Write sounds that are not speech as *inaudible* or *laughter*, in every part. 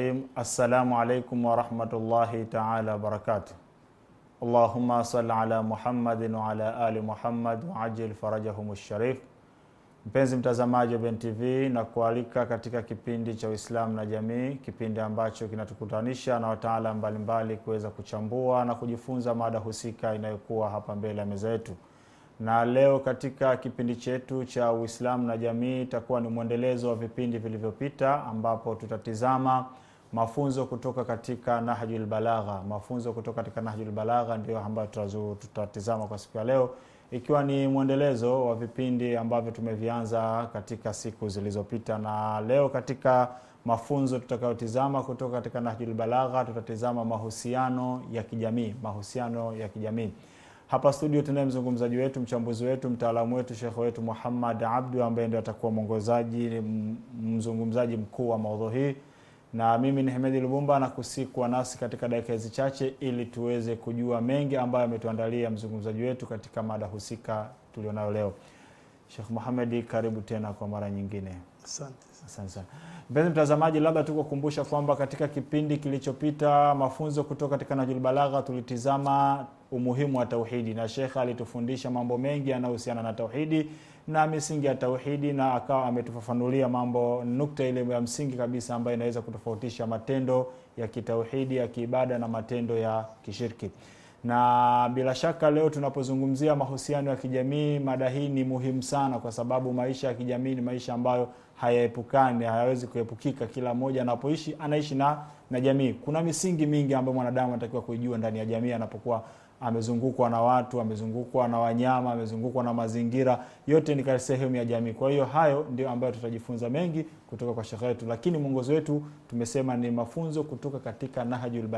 rahim. Assalamu alaikum warahmatullahi taala wabarakatuh. allahuma sali ala Muhammadin wa ali Muhammad waajil farajahum sharif. Mpenzi mtazamaji wa BNTV na kualika katika kipindi cha Uislamu na Jamii, kipindi ambacho kinatukutanisha na wataalamu mbalimbali kuweza kuchambua na kujifunza mada husika inayokuwa hapa mbele ya meza yetu. Na leo katika kipindi chetu cha Uislamu na Jamii itakuwa ni mwendelezo wa vipindi vilivyopita, ambapo tutatizama mafunzo kutoka katika Nahjul Balagha. Mafunzo kutoka katika Nahjul Balagha ndio ambayo tutatizama kwa siku ya leo, ikiwa ni mwendelezo wa vipindi ambavyo tumevianza katika siku zilizopita, na leo katika mafunzo tutakayotizama kutoka katika Nahjul Balagha tutatizama mahusiano ya kijamii. Mahusiano ya kijamii hapa studio tunaye mzungumzaji wetu, mchambuzi wetu, mtaalamu wetu, shekhe wetu Muhammad Abdu ambaye ndio atakuwa mwongozaji, mzungumzaji mkuu wa maudhui hii na mimi ni Hemedi Lubumba na kusikuwa nasi katika dakika hizi chache ili tuweze kujua mengi ambayo ametuandalia mzungumzaji wetu katika mada husika tulionayo leo. Sheikh Muhamedi, karibu tena kwa mara nyingine. Asante. sana. Mpenzi mtazamaji, labda tukukumbusha kwamba katika kipindi kilichopita mafunzo kutoka katika Najul Balagha tulitizama umuhimu wa tauhidi na Sheikh alitufundisha mambo mengi yanayohusiana na tauhidi na misingi ya tauhidi na akawa ametufafanulia mambo nukta ile ya msingi kabisa ambayo inaweza kutofautisha matendo ya kitauhidi ya kiibada na matendo ya kishirki na bila shaka leo tunapozungumzia mahusiano ya kijamii mada hii ni muhimu sana kwa sababu maisha ya kijamii ni maisha ambayo hayaepukani hayawezi kuepukika kila mmoja anapoishi anaishi na na jamii kuna misingi mingi ambayo mwanadamu anatakiwa kuijua ndani ya jamii anapokuwa amezungukwa na watu amezungukwa na wanyama amezungukwa na mazingira yote ni sehemu ya jamii kwa hiyo hayo ndio ambayo tutajifunza mengi kutoka kwa shekhe wetu lakini mwongozo wetu tumesema ni mafunzo kutoka katika nahajul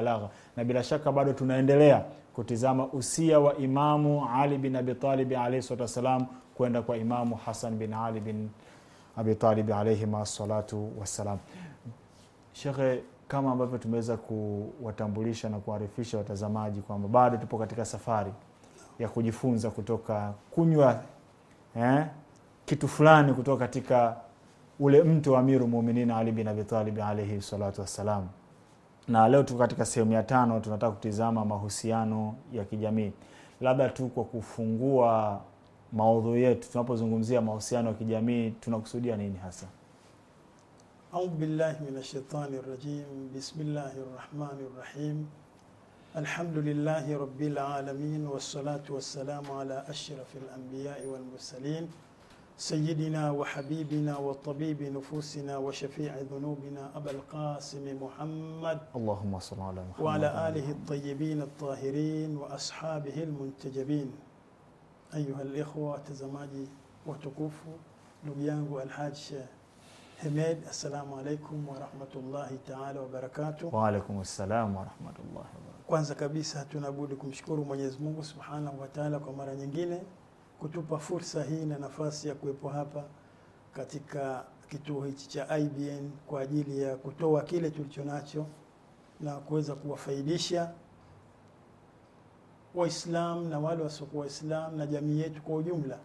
na bila shaka bado tunaendelea kutizama usia wa imamu ali bin abitalibi alaihi salatu wassalam kwenda kwa imamu hasan bin ali bin abitalibi alaihima salatu wassalam shekhe kama ambavyo tumeweza kuwatambulisha na kuwaarifisha watazamaji kwamba bado tupo katika safari ya kujifunza kutoka kunywa eh, kitu fulani kutoka katika ule mtu wa Amiru Muuminin Ali bin Abi Talib salatu wassalam, na leo tuko katika sehemu ya tano. Tunataka kutizama mahusiano ya kijamii, labda tu kwa kufungua maudhui yetu. Tunapozungumzia mahusiano ya kijamii tunakusudia nini hasa? أعوذ بالله من الشيطان الرجيم بسم الله الرحمن الرحيم الحمد لله رب العالمين والصلاة والسلام على أشرف الأنبياء والمرسلين سيدنا وحبيبنا وطبيب نفوسنا وشفيع ذنوبنا أبا القاسم محمد اللهم صل على محمد وعلى آله الطيبين الطاهرين وأصحابه المنتجبين أيها الإخوة تزماجي وتكوفوا لبيانغو الحاج Hemed, assalamu alaikum warahmatullahi taala wabarakatuh. Waalaikum ssalam warahmatullahi wabarakatuh. Kwanza kabisa tunabudi kumshukuru Mwenyezi Mungu subhanahu wa taala kwa mara nyingine kutupa fursa hii na nafasi ya kuwepo hapa katika kituo hichi cha IBN kwa ajili ya kutoa kile tulichonacho na kuweza kuwafaidisha waislam na wale wasiokuwa waislam na jamii yetu kwa ujumla,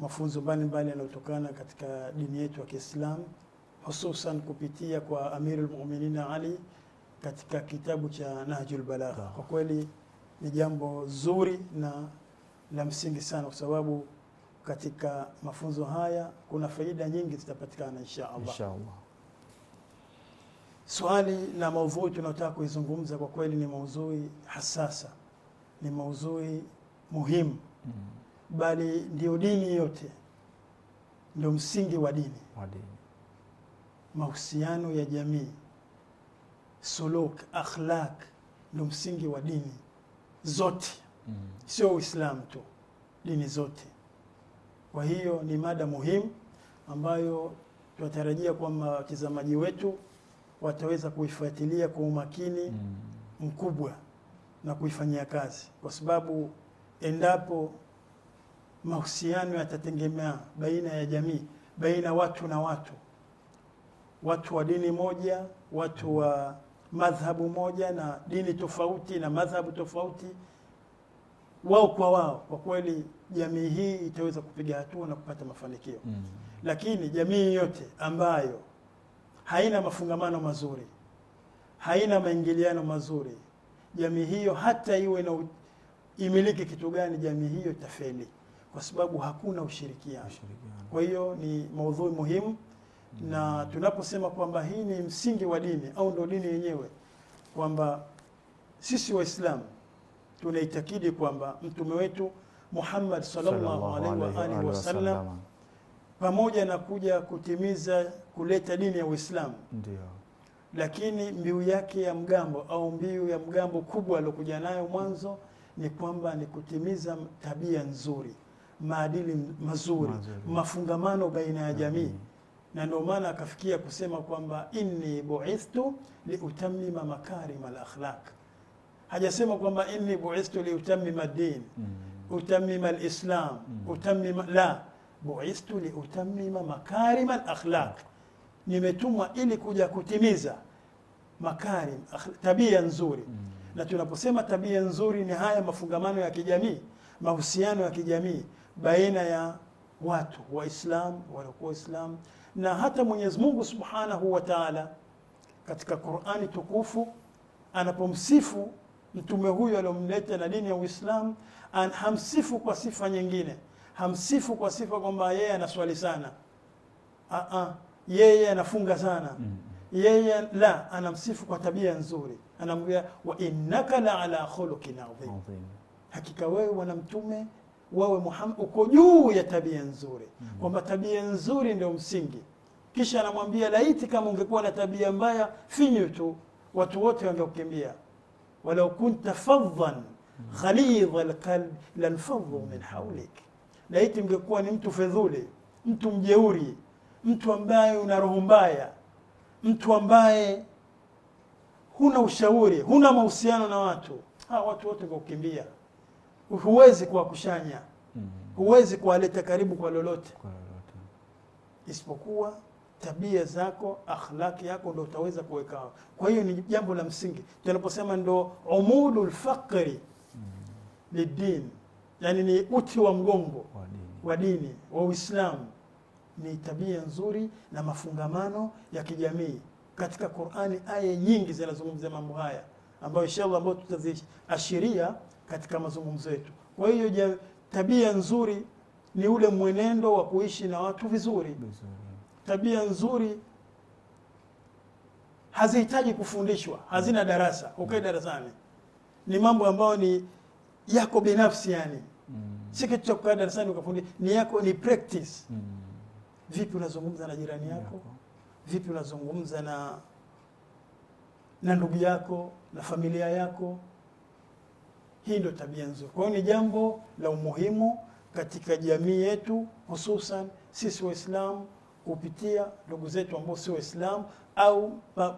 mafunzo mbalimbali yanayotokana katika dini yetu ya Kiislamu hususan kupitia kwa Amirul Mu'minin Ali katika kitabu cha Nahjul Balagha. Kwa kweli ni jambo zuri na la msingi sana, kwa sababu katika mafunzo haya kuna faida nyingi zitapatikana insha Allah. Insha Allah. Swali na maudhui tunayotaka kuizungumza kwa kweli ni maudhui hasasa, ni maudhui muhimu mm -hmm. Bali ndio dini yote, ndio msingi wa dini wa dini mahusiano ya jamii, suluk, akhlaq ndo msingi wa dini zote mm. Sio Uislamu tu, dini zote. Kwa hiyo ni mada muhimu ambayo tunatarajia kwamba watazamaji wetu wataweza kuifuatilia kwa umakini mm. mkubwa na kuifanyia kazi, kwa sababu endapo mahusiano yatatengemea baina ya jamii, baina watu na watu watu wa dini moja, watu wa madhhabu moja na dini tofauti na madhhabu tofauti, wao kwa wao, kwa kweli jamii hii itaweza kupiga hatua na kupata mafanikio mm. Lakini jamii yote ambayo haina mafungamano mazuri, haina maingiliano mazuri, jamii hiyo hata iwe na imiliki kitu gani, jamii hiyo itafeli, kwa sababu hakuna ushirikiano. Kwa hiyo ni maudhui muhimu na tunaposema kwamba hii ni msingi wa dini au ndo dini yenyewe, kwamba sisi Waislamu tunaitakidi kwamba mtume wetu Muhammad sallallahu alaihi wa alihi wasallam pamoja na kuja kutimiza kuleta dini ya Uislamu ndio, lakini mbiu yake ya mgambo au mbiu ya mgambo kubwa aliyokuja nayo mwanzo ni kwamba ni kutimiza tabia nzuri, maadili mazuri, mazuri, mafungamano baina ya jamii mm na ndio maana akafikia kusema kwamba inni buithtu liutamima makarima alakhlaq. Hajasema kwamba inni buithtu liutamima din mm. utamima alislam mm. utamima la buithtu liutamima makarima alakhlaq, nimetumwa ili kuja kutimiza makarim tabia nzuri mm. na tunaposema tabia nzuri ni haya mafungamano ya kijamii, mahusiano ya kijamii baina ya watu Waislamu waliokuwa Waislamu na hata Mwenyezi Mungu Subhanahu wa Ta'ala katika Qur'ani tukufu anapomsifu mtume huyu aliyomleta na dini ya Uislamu, hamsifu kwa sifa nyingine, hamsifu kwa sifa kwamba yeye anaswali sana a a yeye anafunga sana mm. yeye, la, anamsifu kwa tabia nzuri, anamwambia wa innaka la ala khuluqin adhim, hakika wewe bwana mtume wawe Muhammad uko juu ya tabia nzuri, mhm. kwamba tabia nzuri ndio msingi. Kisha anamwambia laiti kama ungekuwa na tabia mbaya, finyu tu, watu wote wangekukimbia. walau kunta faddan mhm. ghalidha alqalb lanfadhu min haulik, laiti ungekuwa ni mtu fedhuli, mtu mjeuri, mtu ambaye una roho mbaya, mtu ambaye huna ushauri, huna mahusiano na watu, ha watu wote wangekukimbia huwezi kuwakushanya mm-hmm. huwezi kuwaleta karibu kwa lolote, kwa lolote, isipokuwa tabia zako, akhlaki yako ndo utaweza kuweka. Kwa hiyo ni jambo la msingi tunaposema ndo umudu lfaqri mm-hmm. lidin, yani ni uti wa mgongo wa dini wa Uislamu ni tabia nzuri na mafungamano ya kijamii. Katika Qur'ani aya nyingi zinazungumzia mambo haya ambayo inshallah ambayo tutaziashiria katika mazungumzo yetu. Kwa hiyo tabia nzuri ni ule mwenendo wa kuishi na watu vizuri. Tabia nzuri hazihitaji kufundishwa, hazina darasa, ukae darasani. Ni mambo ambayo ni yako binafsi yani. Si kitu cha kukaa darasani ukafundisha, ni yako ni practice. Vipi unazungumza na jirani yako? yako. Vipi unazungumza na na ndugu yako, na familia yako? Hii ndio tabia nzuri. Kwa hiyo ni jambo la umuhimu katika jamii yetu, hususan sisi Waislamu kupitia ndugu zetu ambao sio Waislamu au ba,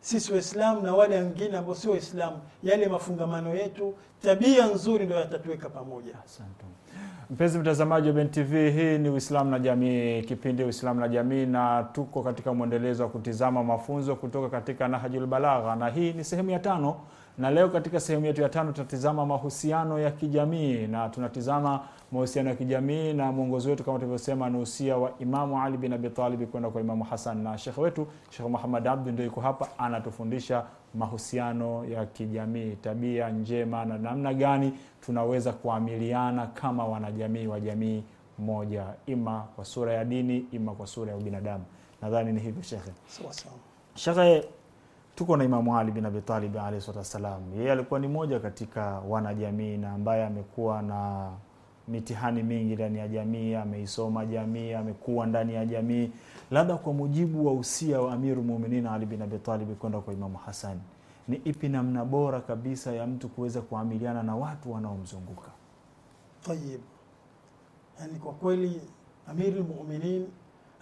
sisi Waislamu na wale wengine ambao sio Waislamu, yale mafungamano yetu, tabia nzuri ndio yatatuweka pamoja. Asante. Mpenzi mtazamaji wa BNTV, hii ni Uislamu na Jamii, kipindi Uislamu na Jamii, na tuko katika mwendelezo wa kutizama mafunzo kutoka katika Nahjul Balagha, na hii ni sehemu ya tano na leo katika sehemu yetu ya tano tunatizama mahusiano ya kijamii na tunatizama mahusiano ya kijamii na mwongozi wetu kama tulivyosema ni usia wa Imamu Ali bin abitalibi kwenda kwa Imamu Hasan, na shekhe wetu Shekh muhamad Abdu ndio yuko hapa anatufundisha mahusiano ya kijamii, tabia njema na namna gani tunaweza kuamiliana kama wanajamii wa jamii moja, ima kwa sura ya dini, ima kwa sura ya ubinadamu. Nadhani ni hivyo shekhe. shekhe tuko na Imamu Ali bin Abitalibi alayhi salatu wassalam. Yeye alikuwa ni moja katika wanajamii na ambaye amekuwa na mitihani mingi ndani ya jamii, ameisoma jamii, amekuwa ndani ya jamii. Labda kwa mujibu wa usia wa Amiru Mu'minin Ali bin abitalibi kwenda kwa Imamu hasani ni ipi namna bora kabisa ya mtu kuweza kuamiliana na watu wanaomzunguka? Tayib, yani kwa kweli Amirul Mu'minin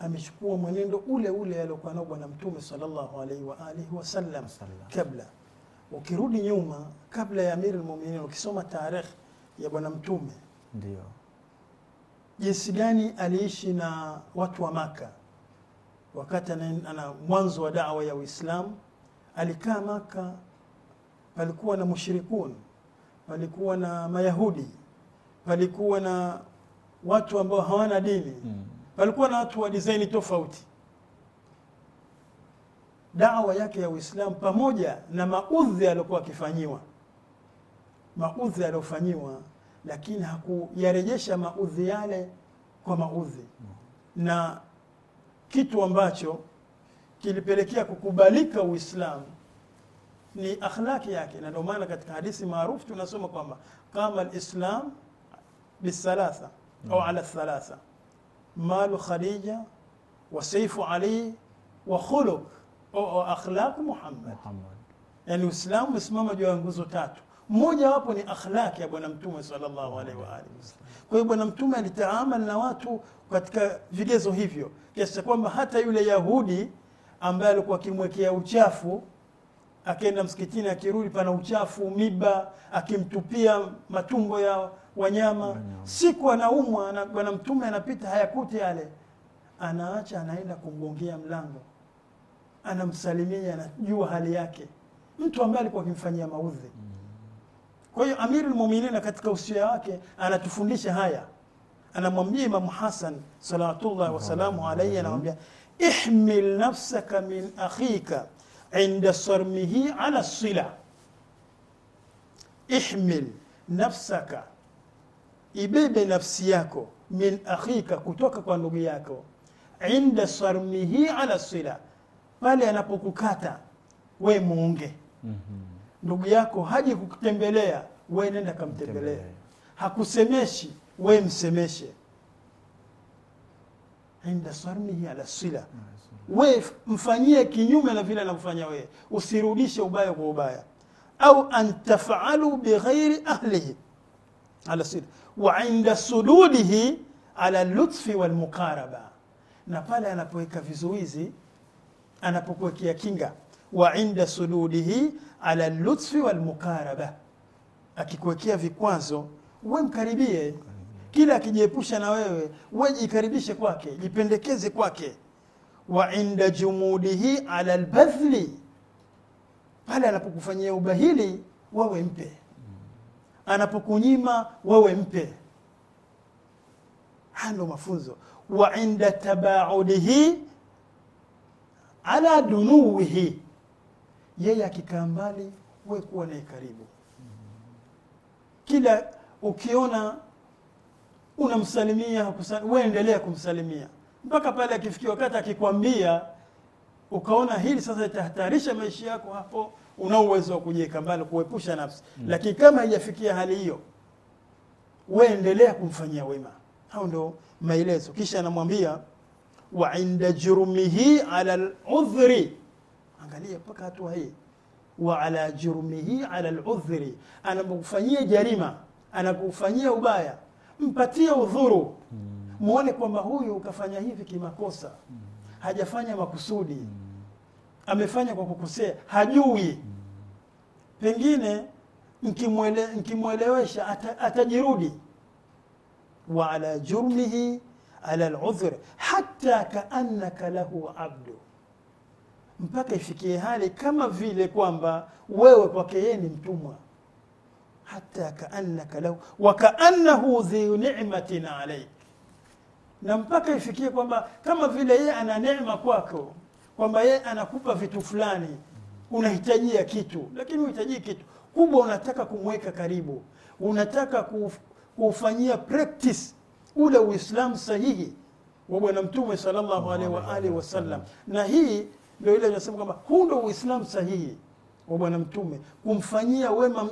amechukua mwenendo ule ule aliokuwa nao Bwana Mtume sallallahu alaihi wa alihi wasallam kabla. Ukirudi nyuma kabla ya Amir al ukisoma tarikh ya Bwana Mtume ndio jinsi gani aliishi na watu wa Maka wakati ana mwanzo wa dawa ya Uislamu. Alikaa Maka, palikuwa na mushrikun, palikuwa na Mayahudi, palikuwa na watu ambao hawana dini mm walikuwa na watu wa design tofauti. Dawa yake ya Uislamu pamoja na maudhi aliyokuwa akifanyiwa, maudhi aliyofanyiwa, lakini hakuyarejesha maudhi yale kwa maudhi, na kitu ambacho kilipelekea kukubalika Uislamu ni akhlaki yake, na ndio maana katika hadithi maarufu tunasoma kwamba kama alislam bisalatha au ala thalatha malu Khadija wa saifu Ali wa khuluq au akhlaq Muhammad. Muhammad. Yani Uislamu umesimama juu ya nguzo tatu, mmoja wapo ni akhlaqi ya Bwana Mtume sallallahu alaihi wa alihi wasallam. Kwa hiyo Bwana Mtume alitaamali na watu katika vigezo hivyo, kiasi cha kwamba hata yule Yahudi ambaye alikuwa akimwekea uchafu akienda msikitini akirudi pana uchafu miba, akimtupia matumbo yao wanyama, Siku anaumwa bwana mtume anapita hayakuti yale, anaacha anaenda kumgongea mlango, anamsalimia, anajua hali yake, mtu ambaye alikuwa akimfanyia maudhi. Mm. Kwa hiyo Amirul lmuminina katika usia wake anatufundisha haya, anamwambia imamu Hasan salawatullahi wasalamu alaihi anamwambia ihmil nafsaka min akhika inda sarmihi ala sila ihmil nafsaka ibebe nafsi yako min akhika, kutoka kwa ndugu yako, inda sarmihi ala sila, pale anapokukata we muunge. mm -hmm. Ndugu yako haji kukutembelea, we nenda kamtembelea. Hakusemeshi, we msemeshe. inda sarmihi ala sila, we mfanyie kinyume na vile anakufanya wewe, usirudishe ubaya kwa ubaya. Au antafaalu bighairi ahlihi ala sila wa inda sududihi ala lutfi walmuqaraba na pale anapoweka vizuizi anapokuwekea kinga wa inda sududihi ala lutfi walmuqaraba akikuwekea vikwazo we mkaribie kila akijiepusha na wewe we jikaribishe kwake jipendekeze kwake wa inda jumudihi ala lbadhli pale anapokufanyia ubahili wewe mpe anapokunyima wewe mpe hano mafunzo wa inda tabaudihi ala dunuwihi yeye akikaa mbali wewe kuwa naye karibu kila ukiona unamsalimia wewe endelea kumsalimia mpaka pale akifikia wakati akikwambia ukaona hili sasa itahatarisha maisha yako hapo una uwezo wa kujiweka mbali kuepusha nafsi mm. Lakini kama haijafikia hali hiyo, waendelea kumfanyia wema. Hao ndio maelezo. Kisha anamwambia wa inda jurmihi ala al angalia mpaka hatua hii, wa ala jurmihi ala al-udhri, anapokufanyia jarima, anakufanyia ubaya, mpatie udhuru mm. Muone kwamba huyu ukafanya hivi kimakosa, mm. hajafanya makusudi mm amefanya kwa kukosea, hajui. Pengine nkimwele, nkimwelewesha atajirudi. wa ala jurmihi ala aludhri hatta kaannaka lahu abdu, mpaka ifikie hali kama vile kwamba wewe kwake yeye ni mtumwa. hatta kaannaka lahu wa kaannahu dhi ni'matin alayk, na mpaka ifikie kwamba kama vile yeye ana neema kwako kwamba yeye anakupa vitu fulani, unahitajia kitu, lakini unahitaji kitu kubwa, unataka kumweka karibu, unataka kufanyia practice ule Uislamu sahihi wa Bwana Mtume sallallahu alaihi wa alihi wasallam, na hii ndio ile inasema kwamba huu ndio Uislamu sahihi wa Bwana Mtume, kumfanyia wema.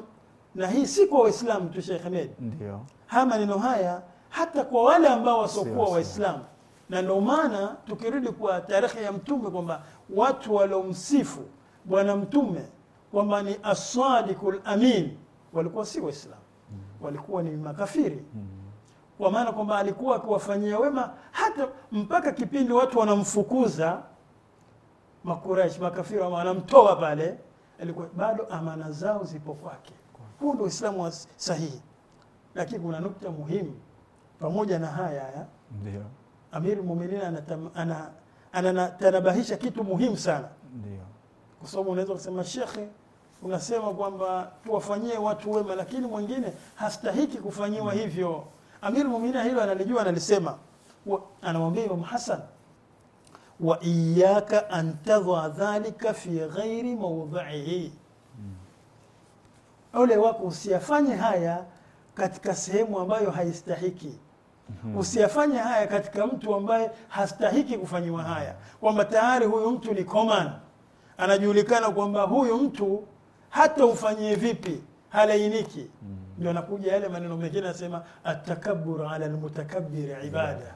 Na hii si kwa Waislamu tu, Sheikh Ahmed, ndio haya maneno haya, hata kwa wale ambao wasiokuwa Waislamu na ndio maana tukirudi kwa tarehe ya mtume kwamba watu waliomsifu bwana mtume kwamba ni asadiku amin walikuwa si Waislamu, mm. walikuwa ni makafiri, mm. kwa maana kwamba alikuwa akiwafanyia wema hata mpaka kipindi watu wanamfukuza Makuraish, makafiri wanamtoa pale, alikuwa bado amana zao zipo kwake. Huu ndio Uislamu sahihi. Lakini kuna nukta muhimu pamoja na haya haya, ndio Amirul Mu'minin ana kitu muhimu sana ndio, kwa sababu unaweza kusema shekhe, unasema kwamba tuwafanyie watu wema, lakini mwingine hastahiki kufanyiwa mm. hivyo. Amirul Mu'minin hilo analijua, analisema, anamwambia Imam Hasan wa iyyaka an tadha dhalika fi ghairi mawdhihi, mm. ole wako usiyafanye haya katika sehemu ambayo haistahiki. Mm -hmm. Usiyafanye haya katika mtu ambaye hastahiki kufanyiwa mm-hmm. haya, kwamba tayari huyu mtu ni common, anajulikana kwamba huyu mtu hata ufanyie vipi halainiki. mm -hmm. Anakuja yale maneno mengine, anasema atakabbur ala almutakabbir ibada yeah.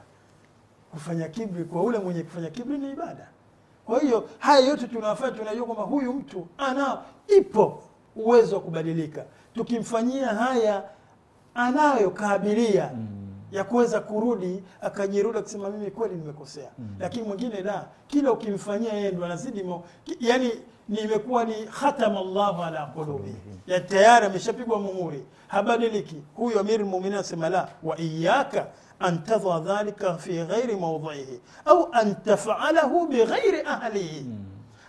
Kufanya kibri kwa ule mwenye kufanya kibri ni ibada. Kwa hiyo haya yote tunafanya, tunajua kwamba huyu mtu ana ipo uwezo wa kubadilika, tukimfanyia haya anayokabilia mm. Mm-hmm ya kuweza kurudi akajirudi akisema mimi kweli nimekosea. mm -hmm. Lakini mwingine la kila ukimfanyia yeye ndo anazidi yani, nimekuwa ni khatama Allahu ala qulubi mm -hmm. ya tayari ameshapigwa muhuri, habadiliki huyo. amir Mu'minin anasema la wa iyyaka an tadha dhalika fi ghairi mawdhihi au an taf'alahu bi ghairi ahlihi mm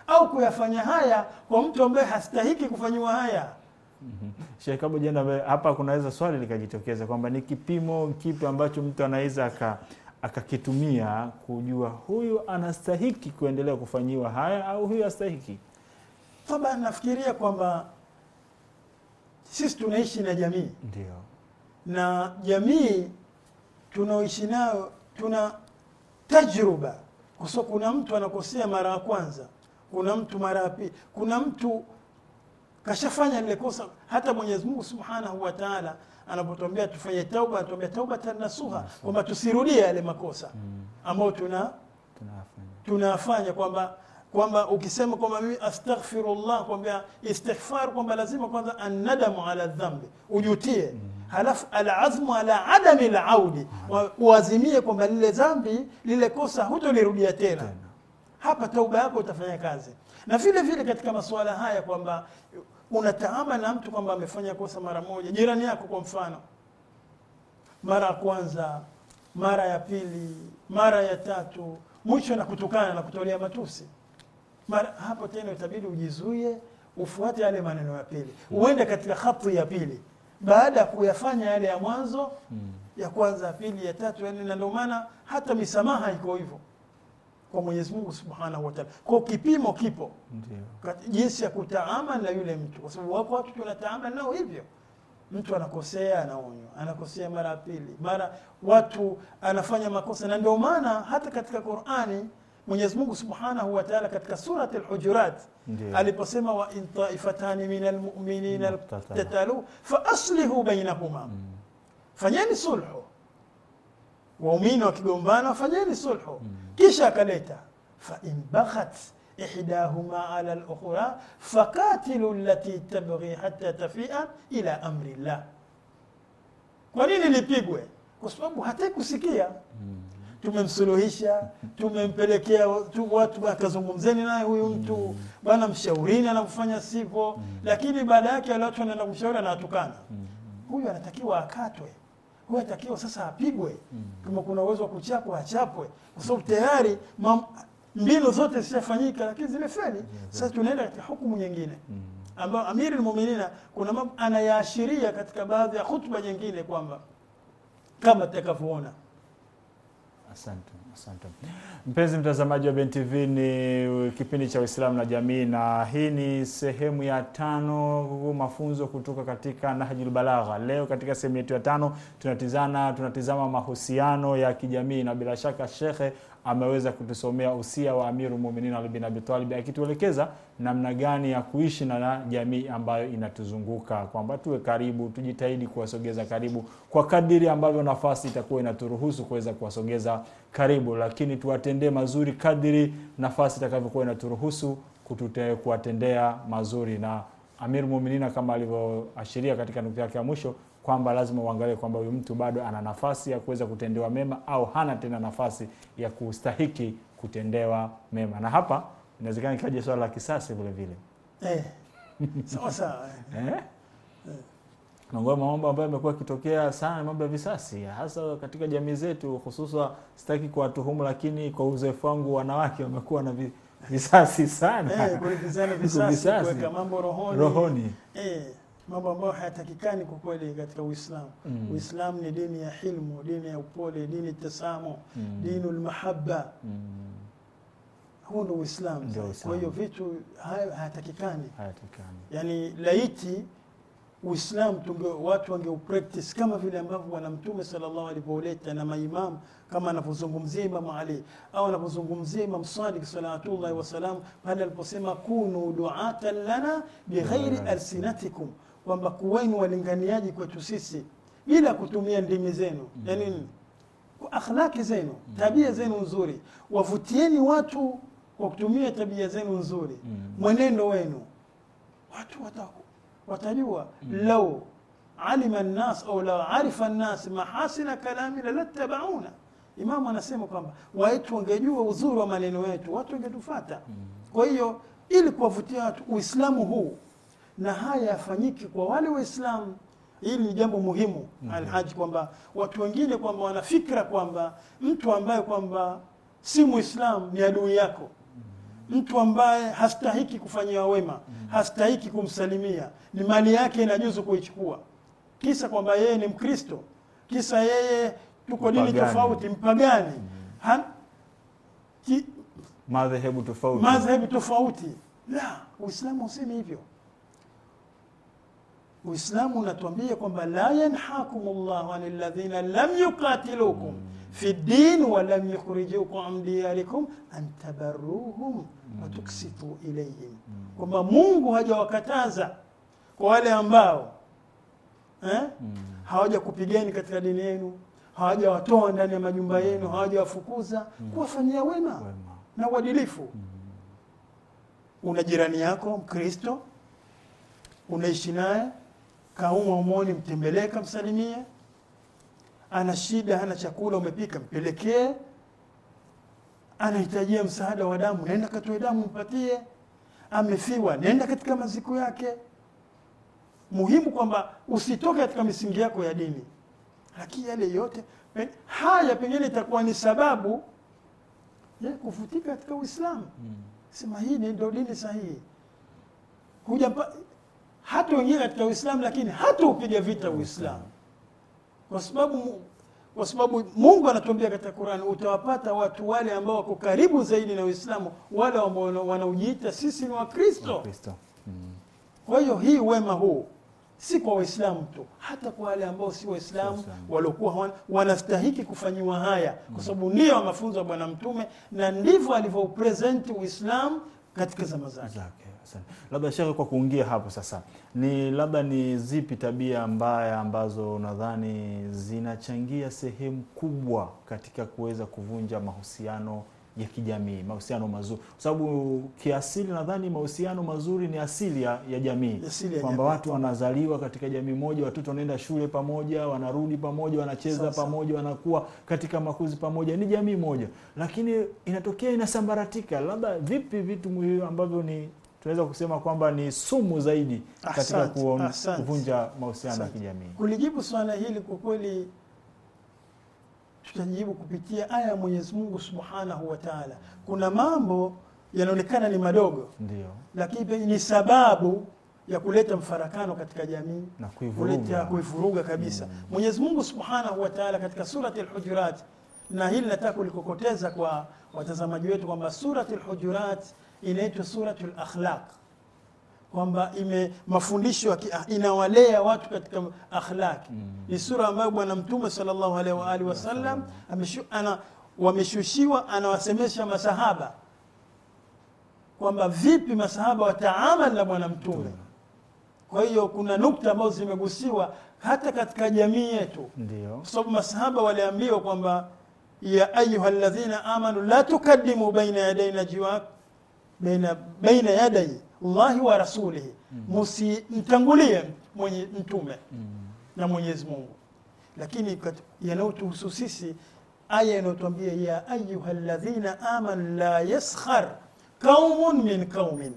-hmm. au kuyafanya haya kwa mtu ambaye hastahiki kufanyiwa haya Mm -hmm. Sheikh Abu Jenda, hapa kunaweza swali likajitokeza kwamba ni kipimo kipi ambacho mtu anaweza aka akakitumia kujua huyu anastahiki kuendelea kufanyiwa haya au huyu astahiki? Taba, nafikiria kwamba sisi tunaishi na jamii ndio, na jamii tunaoishi nayo tuna tajruba, kwa sababu kuna mtu anakosea mara ya kwanza, kuna mtu mara ya pili, kuna mtu kashafanya lile kosa. Hata Mwenyezi Mungu Subhanahu wa Ta'ala anapotuambia tufanye tauba, anatuambia taubatan nasuha, kwamba tusirudie yale makosa mm. ambayo tuna tunafanya kwamba kwamba ukisema kwamba mimi astaghfirullah, kwamba istighfar, kwamba lazima kwanza anadamu ala dhambi, ujutie mm. Halafu alazmu ala adami alaudi, uazimie kwamba lile dhambi lile kosa hutolirudia tena. Hapa tauba yako utafanya kazi, na vile vile katika masuala haya kwamba unataama na mtu kwamba amefanya kosa mara moja, jirani yako kwa mfano, mara ya kwanza, mara ya pili, mara ya tatu, mwisho na kutukana na kutolea matusi mara, hapo tena itabidi ujizuie, ufuate yale maneno ya pili, hmm. uende katika hatu ya pili baada ya kuyafanya yale ya mwanzo, hmm. ya kwanza, ya pili, ya tatu, ya nne. Na ndio maana hata misamaha iko hivyo kwa Mwenyezi Mungu Subhanahu wa Ta'ala. Kwa kipimo kipo. Ndio. Jinsi ya kutaamal na yule mtu kwa sababu wapo watu tunataamali nao hivyo. Mtu anakosea anaonywa, anakosea mara ya pili, mara watu anafanya makosa, na ndio maana hata katika Qur'ani Mwenyezi Mungu Subhanahu wa Ta'ala katika surat Al-Hujurat aliposema wa in taifatani al mu'minina tatalu fa aslihu bainahuma, mm. fanyeni sulhu waumini wakigombana wafanyeni sulhu mm. kisha akaleta in baghat ihdahuma ala lukhra fakatilu lati tabghi hata tafia ila amri llah. Kwa nini lipigwe? Kwa sababu hataki kusikia. Hmm. Tumemsuluhisha, tumempelekea watu akazungumzeni naye huyu mtu hmm. bana mshaurini anakufanya sivyo hmm. lakini baada yake wale watu wanaenda kumshauri anawatukana. Huyu anatakiwa akatwe huyo atakiwa sasa apigwe, mm. kama kuna uwezo wa kuchapwa achapwe, kwa sababu tayari mbinu zote zishafanyika, lakini zimefeli. Sasa tunaenda katika hukumu nyingine mm. ambayo amiri Muuminina kuna mambo anayaashiria katika baadhi ya hutuba nyingine kwamba kama tutakavyoona. Asante. Asante mpenzi mtazamaji wa BNTV, ni kipindi cha Uislamu na Jamii, na hii ni sehemu ya tano, mafunzo kutoka katika Nahjul Balagha. Leo katika sehemu yetu ya tano tunatizana tunatizama mahusiano ya kijamii, na bila shaka shekhe ameweza kutusomea usia wa Amiru Mu'minin Ali bin Abi Talib akituelekeza namna gani ya kuishi na jamii ambayo inatuzunguka, kwamba tuwe karibu, tujitahidi kuwasogeza karibu kwa kadiri ambavyo nafasi itakuwa inaturuhusu kuweza kuwasogeza karibu, lakini tuwatendee mazuri kadiri nafasi itakavyokuwa inaturuhusu kutute kuwatendea mazuri na Amir Muminina kama alivyoashiria katika nukta yake ya mwisho kwamba lazima uangalie kwamba huyu mtu bado ana nafasi ya kuweza kutendewa mema au hana tena nafasi ya kustahiki kutendewa mema, na hapa inawezekana ikaja swala la kisasi vile vile eh, *laughs* eh? Miongoni mwa mambo ambayo yamekuwa yakitokea sana mambo ya visasi, hasa katika jamii zetu, hususa, sitaki kuwatuhumu, lakini kwa uzoefu wangu wanawake wamekuwa na visasi sana eh, *laughs* visasi, visasi, kuweka mambo rohoni, rohoni mambo ambayo hayatakikani kwa kweli katika Uislamu. Mm. Uislamu ni dini ya hilmu, dini ya upole, dini ya tasamu, mm. dini ulmahabba. Mm. Huu ndio Uislamu. Kwa hiyo vitu hayo hayatakikani, hayatakikani. Yani laiti Uislamu tunge watu wange wangeupractice kama vile ambavyo Bwana Mtume sallallahu alivyoleta na maimam kama anavyozungumzia Imamu Ali au anavyozungumzia Imam Sadiq salawatullahi wasalam pale aliposema kunu duatan lana bighairi mm. alsinatikum kwamba kuweni walinganiaji kwetu sisi bila kutumia ndimi zenu, mm. yaani Kwa akhlaki zenu, mm. tabia zenu nzuri, wavutieni watu kwa kutumia tabia zenu nzuri, mm. mwenendo wenu, watu wataku, watajua mm. lau alima nnas au lau arifa nnas mahasina kalami latabauna Imamu anasema kwamba watu wangejua uzuri wa maneno yetu, watu wangetufata. mm. kwa hiyo ili kuwavutia watu Uislamu huu na haya yafanyike kwa wale Waislamu. Hili ni jambo muhimu mm -hmm. Alhaji, kwamba watu wengine kwamba wanafikira kwamba mtu ambaye kwamba si Muislamu ni adui yako mhm. mtu ambaye hastahiki kufanyiwa wema, mhm. hastahiki kumsalimia, ni mali yake inajuzu kuichukua, kisa kwamba yeye ni Mkristo, kisa yeye tuko dini tofauti, mpagani, mhm. madhehebu tofauti, madhehebu tofauti. La, Uislamu usemi hivyo. Uislamu unatuambia kwamba la yanhakum llahu ani ladhina lam yuqatilukum fi ddin wa lam yukhrijukum min diyarikum an tabarruhum wa tuksitu ilayhim, kwamba Mungu hajawakataza kwa wale ambao eh, hawajakupigeni katika dini yenu, hawajawatoa ndani ya majumba yenu, hawajawafukuza, kuwafanyia wema na uadilifu. Una jirani yako Mkristo, unaishi naye kaumwa umoni, mtembelee, kamsalimie. Ana shida, hana chakula, umepika, mpelekee. Anahitajia msaada wa damu, nenda katoe damu, mpatie. Amefiwa, nenda katika maziko yake. Muhimu kwamba usitoke katika misingi yako ya dini, lakini yale yote haya pengine itakuwa ni sababu ya kufutika katika Uislamu. Mm. Sema hii ndio dini sahihi. Huja hatuingia katika Uislamu, lakini hataupiga vita Uislamu kwa sababu kwa sababu Mungu anatuambia katika Qur'an, utawapata watu wale ambao wako karibu zaidi na Uislamu, wale wanaojiita sisi ni Wakristo. Mm. Kwa hiyo hii wema huu si kwa Waislamu tu, hata kwa wale ambao si Waislamu waliokuwa wanastahiki kufanyiwa haya, kwa mm. sababu ndio mafunzo ya Bwana Mtume na ndivyo alivyopresent Uislamu katika zama zake. Asante. Labda Shekhe, kwa kuingia hapo sasa, ni labda ni zipi tabia mbaya ambazo unadhani zinachangia sehemu kubwa katika kuweza kuvunja mahusiano ya kijamii, mahusiano mazuri? Kwa sababu kiasili nadhani mahusiano mazuri ni asili ya, ya jamii, kwamba watu wanazaliwa katika jamii moja, watoto wanaenda shule pamoja, wanarudi pamoja, wanacheza sasa pamoja, wanakuwa katika makuzi pamoja, ni jamii moja, lakini inatokea inasambaratika. Labda vipi vitu muhimu ambavyo ni tunaweza kusema kwamba ni sumu zaidi katika kuvunja mahusiano ya kijamii. Kulijibu swala hili kwa kweli, tutajibu kupitia aya ya Mwenyezi Mungu Subhanahu wa Ta'ala. Kuna mambo yanaonekana ni madogo, ndio, lakini ni sababu ya kuleta mfarakano katika jamii na kuleta kuivuruga kabisa. Mm. Mwenyezi Mungu Subhanahu wa Ta'ala katika surati Al-Hujurat, na hili nataka kulikokoteza kwa watazamaji wetu kwamba surati Al-Hujurat inaitwa suratul akhlaq, kwamba ime mafundisho inawalea watu katika akhlaki. Mm. Ni sura ambayo Bwana Mtume sallallahu alaihi wa alihi wasallam mm. ana wameshushiwa, anawasemesha masahaba kwamba vipi masahaba wataamal na Bwana Mtume. Mm. Kwa hiyo kuna nukta ambazo zimegusiwa hata katika jamii yetu, kwa sababu masahaba waliambiwa kwamba ya ayuha alladhina amanu la tukaddimu baina yaday jiwak baina, baina yadai llahi wa rasulihi, musimtangulie mwenye mtume mm. na Mwenyezi Mungu. Lakini yanayotuhusu sisi, aya inayotuambia ya ayuha alladhina amanu la yaskhar qaumun min qaumin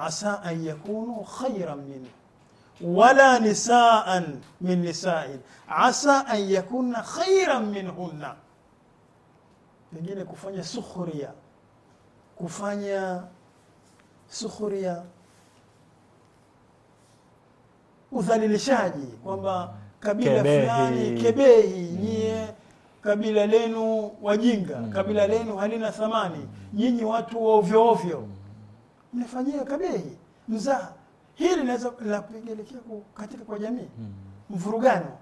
asa an yakunu khairan minhu wala nisaan min nisain asa an yakunna khairan minhunna, pengine kufanya sukhria kufanya sukhuria udhalilishaji kwamba kabila kebehi. fulani kebehi mm. nyie kabila lenu wajinga mm. kabila lenu halina thamani nyinyi watu wa ovyo ovyo mnafanyia mm. kabehi mzaha hili linaweza linapelekea katika kwa jamii mm. mvurugano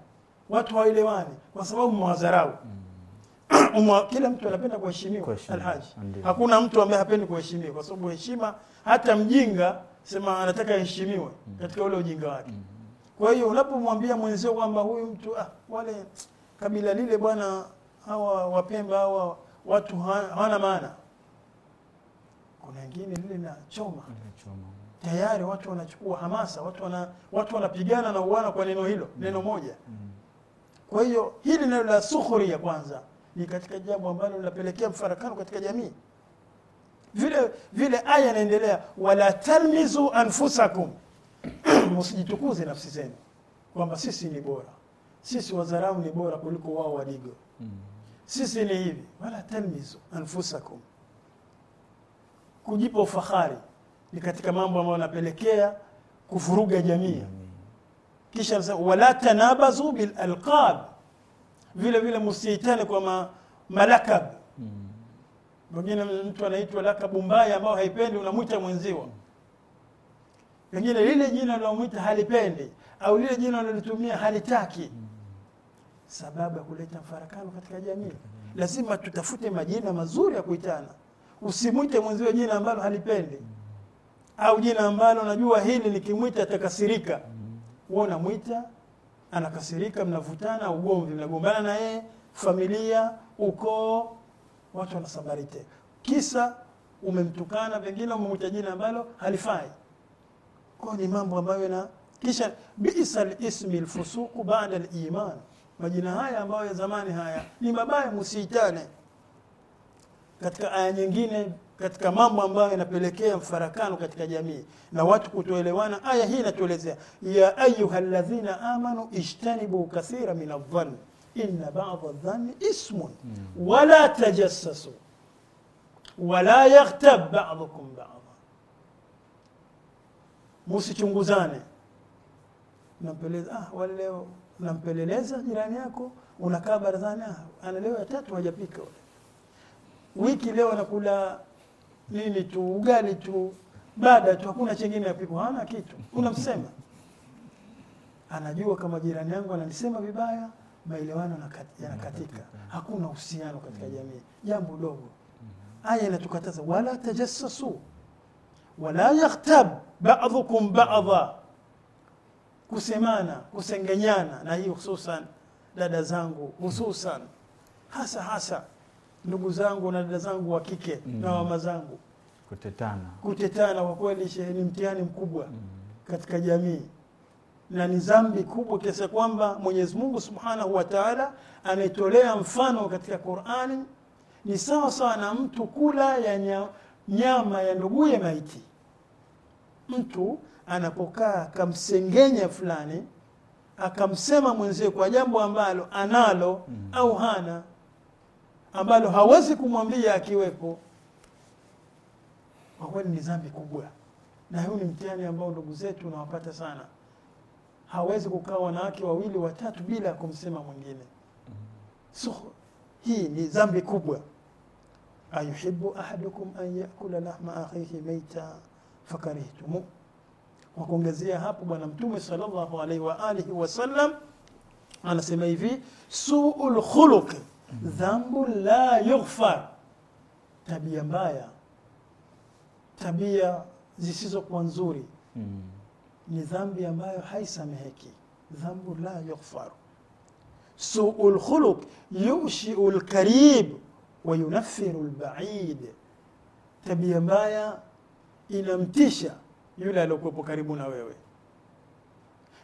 watu hawaelewani kwa sababu mwadharau mm umma, kila mtu anapenda kuheshimiwa alhaji. Hakuna mtu ambaye hapendi kuheshimiwa, kwa sababu heshima, hata mjinga sema anataka aheshimiwe mm. katika ule ujinga wake. Kwa hiyo unapomwambia mwenzio kwamba huyu mtu ah, wale kabila lile bwana, hawa Wapemba hawa watu hawana maana, kuna wengine lile na choma tayari, watu wanachukua hamasa, watu wana watu wanapigana na uwana kwa neno hilo, mm. neno moja. Mm. Kwa hiyo hili neno la sukhuri ya kwanza ni katika jambo ambalo linapelekea mfarakano katika jamii vile vile aya inaendelea wala talmizu anfusakum *clears throat* msijitukuze nafsi zenu kwamba sisi ni bora sisi wazarau ni bora kuliko wao wadigo mm. sisi ni hivi wala talmizu anfusakum kujipa ufahari ni katika mambo ambayo anapelekea kuvuruga jamii kisha wala tanabazu bil vile vile msiitane kwa ma, malakab wengine mm. mtu anaitwa lakabu mbaya ambao haipendi unamwita mwenziwa pengine lile jina unalomwita halipendi au lile jina unalotumia halitaki mm. sababu ya kuleta mfarakano katika jamii mm. lazima tutafute majina mazuri ya kuitana usimwite mwenziwa jina ambalo halipendi mm. au jina ambalo najua hili nikimwita atakasirika mm. unamwita anakasirika, mnavutana, ugomvi, mnagombana na yeye, familia, ukoo, watu wanasabarite, kisa umemtukana, pengine umemwita jina ambalo halifai. Kwa ni mambo ambayo na kisha bi'sa lismi lfusuku ba'da liman, majina haya ambayo ya zamani haya ni mabaya, musiitane. Katika aya nyingine katika mambo ambayo yanapelekea mfarakano katika jamii na watu kutoelewana. Aya hii inatuelezea ya ayuha alladhina amanu ijtanibu kathira min adhan dhann inna ba'dha dhanni ismun hmm. wala tajassasu wala yaghtab ba'dukum ba'dha, musichunguzane. Nampeleza ah, wale leo nampeleleza jirani yako, unakaa barazani, ah, ana leo ya tatu hajapika wiki leo anakula lili tu, ugali tu, bada tu, hakuna chengine ya kupikwa, hana kitu. Unamsema anajua kama jirani yangu ananisema vibaya, maelewano yanakatika, hakuna uhusiano katika jamii, jambo dogo. Aya inatukataza wala tajassasu wala yaghtab ba'dhukum ba'dha, kusemana, kusengenyana, na hii hususan dada zangu, hususan hasa hasa ndugu zangu na dada zangu wa kike mm. na mama zangu kutetana, kutetana kwa kweli ni mtihani mkubwa mm. katika jamii na ni dhambi kubwa kiasi kwamba Mwenyezi Mungu Subhanahu wa Ta'ala anaitolea mfano katika Qur'ani, ni sawa sawa na mtu kula ya nyama ya nduguye maiti. Mtu anapokaa akamsengenya fulani akamsema mwenzie kwa jambo ambalo analo mm. au hana ambalo hawezi kumwambia akiwepo, kwa kweli ni dhambi kubwa, na huu ni mtihani ambao ndugu zetu unawapata sana. Hawezi kukaa wanawake wawili watatu bila kumsema mwingine. So hii ni dhambi kubwa. ayuhibu ahadukum an yakula lahma akhihi maita fakarihtumu. Kwa kuongezea hapo, Bwana Mtume sallallahu alaihi wa alihi wasallam anasema hivi, suul khuluqi dhambu la yughfar, tabia mbaya, tabia zisizokuwa nzuri mm. ni dhambi ambayo haisameheki, dhambu la yughfar. Suu lkhuluq yushiu lkarib wa yunafiru lbaid, tabia mbaya inamtisha yule aliokuwepo karibu na wewe,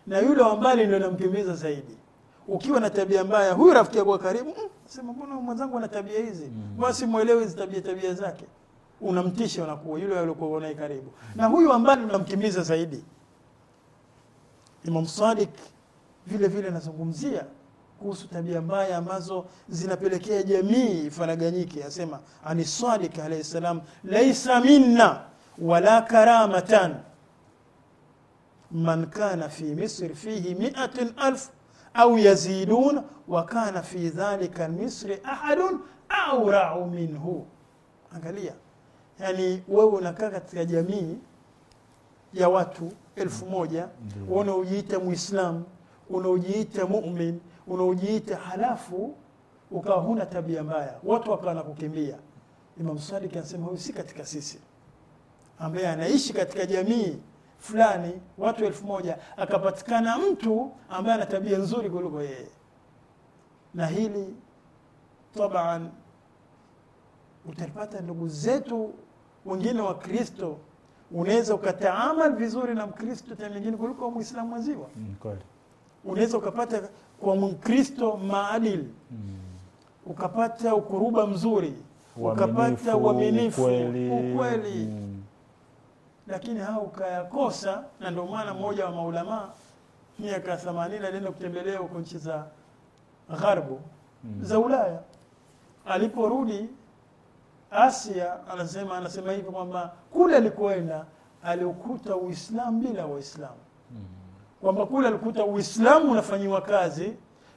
na yule wa mbali ndio inamkimbiza zaidi ukiwa na tabia mbaya, huyu rafiki yako karibu mm, sema mbona mwenzangu ana tabia hizi, mm. basi muelewe hizi tabia tabia zake, unamtisha unakuwa yule aliyokuwa unaye karibu na huyu ambaye unamkimbiza zaidi. Imam Sadiq vile vile anazungumzia kuhusu tabia mbaya ambazo zinapelekea jamii ifaraganyike, asema ani Sadiq alayhi salam, laisa minna wala karamatan man kana fi misri fihi mi'atun alf au yazidun wa kana fi dhalika lmisri ahadun aurau minhu angalia yani wewe unakaa katika jamii ya watu elfu moja unaojiita muislam unaojiita mumin unaojiita halafu ukawa huna tabia mbaya watu wakawa nakukimbia imam sadik anasema huyu si katika sisi ambaye anaishi katika jamii fulani watu elfu moja akapatikana mtu ambaye ana tabia nzuri kuliko yeye na hili taban utapata ndugu zetu wengine wa kristo unaweza ukataamal vizuri na mkristo tena mwingine kuliko mwislamu mwenziwa mm, unaweza ukapata kwa mkristo maadili mm. ukapata ukuruba mzuri ukapata uaminifu ukweli mm lakini hao ukayakosa, na ndio maana mmoja wa maulamaa miaka 80 alienda kutembelea huko nchi za gharbu mm. za Ulaya. Aliporudi Asia, anasema anasema hivi kwamba kule alikoenda alikuta Uislamu bila Waislamu mm. kwamba kule alikuta Uislamu unafanyiwa kazi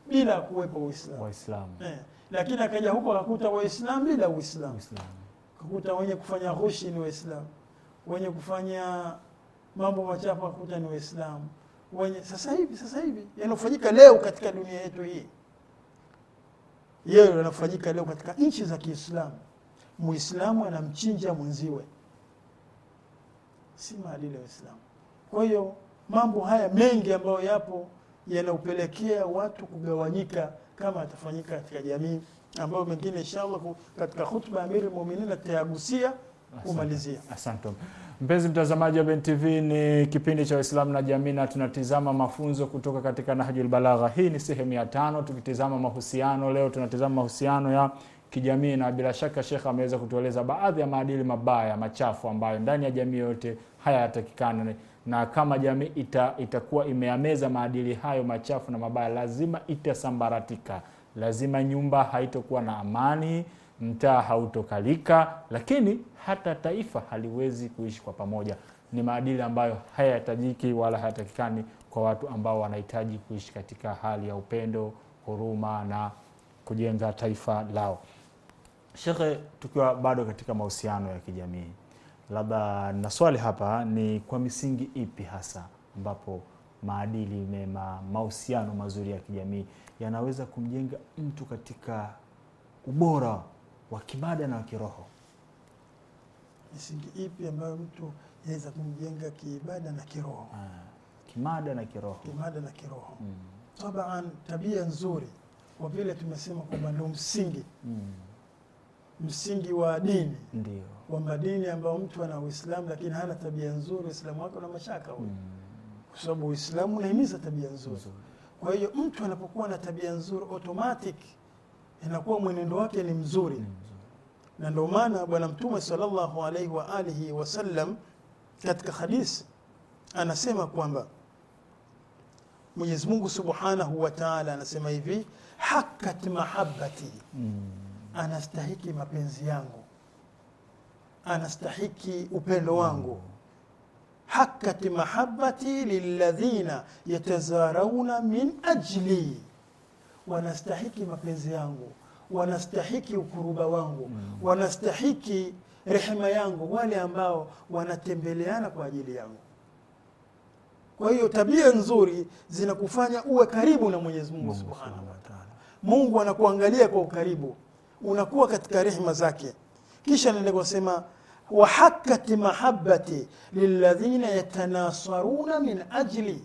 bila kuwepo Uislamu Waislamu eh. Lakini akaja huko akakuta Waislamu bila Uislamu, akakuta wenye kufanya ghushi ni Waislamu wenye kufanya mambo machafu akuta ni Waislamu wenye sasa hivi sasa hivi yanafanyika leo katika dunia yetu hii, yeye yanofanyika leo katika nchi za Kiislamu. Muislamu anamchinja mwenziwe, si maadili ya Uislamu. Kwa hiyo mambo haya mengi ambayo yapo yanaupelekea watu kugawanyika, kama atafanyika katika jamii ambayo mengine, inshallah, katika ya Amiri Muminina tayagusia umalizia. Asante mpenzi mtazamaji wa BNTV, ni kipindi cha waislamu na Jamii na tunatizama mafunzo kutoka katika Nahjul Balagha. Hii ni sehemu ya tano, tukitizama mahusiano. Leo tunatizama mahusiano ya kijamii na bila shaka Shekh ameweza kutueleza baadhi ya maadili mabaya machafu ambayo ndani ya jamii yoyote haya yatakikana, na kama jamii ita, itakuwa imeameza maadili hayo machafu na mabaya, lazima itasambaratika, lazima nyumba haitokuwa na amani mtaa hautokalika, lakini hata taifa haliwezi kuishi kwa pamoja. Ni maadili ambayo hayahitajiki wala hayatakikani kwa watu ambao wanahitaji kuishi katika hali ya upendo, huruma na kujenga taifa lao. Shekhe, tukiwa bado katika mahusiano ya kijamii, labda na swali hapa ni kwa misingi ipi hasa ambapo maadili mema, mahusiano mazuri ya kijamii yanaweza kumjenga mtu katika ubora wa kimada na wa kiroho. Misingi ipi ambayo mtu anaweza kumjenga kiibada na kiroho? Ah, kimada na kiroho, kimada na kiroho mm. Tabaan, tabia nzuri kwa vile tumesema kwamba ndio msingi mm. msingi wa dini ndio kwamba dini ambayo mtu ana Uislamu lakini hana tabia nzuri, Uislamu wake una mashaka huyo, mm. kwa sababu Uislamu unahimiza tabia nzuri. Kwa hiyo mtu anapokuwa na tabia nzuri automatic inakuwa mwenendo wake ni mzuri mm na ndio maana bwana mtume sallallahu alaihi wa alihi wasallam katika hadith anasema kwamba Mwenyezi Mungu Subhanahu wa Ta'ala anasema hivi hakat mahabbati mm. anastahiki mapenzi yangu anastahiki upendo mm. wangu mm. hakat mahabbati lilladhina yatazarawna min ajli wanastahiki mapenzi yangu wanastahiki ukuruba wangu mm. wanastahiki rehema yangu wale ambao wanatembeleana kwa ajili yangu. Kwa hiyo tabia nzuri zinakufanya uwe karibu na Mwenyezi Mungu Subhanahu Mungu anakuangalia kwa ukaribu, unakuwa katika rehma zake. Kisha naenda kusema mahabati liladhina yatanasaruna min ajli,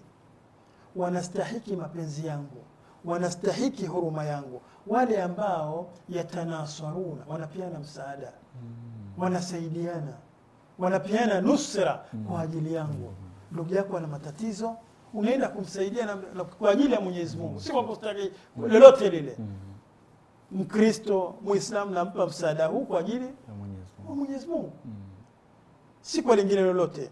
wanastahiki mapenzi yangu, wanastahiki huruma yangu wale ambao yatanasaruna, wanapeana msaada mm. wanasaidiana, wanapeana nusra mm. kwa ajili yangu. Ndugu yako ana matatizo, unaenda kumsaidia na, na, kwa ajili ya Mwenyezi Mungu, si kwa kustaki lolote lile mm. Mkristo, Muislamu, nampa msaada huu kwa ajili ya Mwenyezi Mungu mm. si kwa lingine lolote.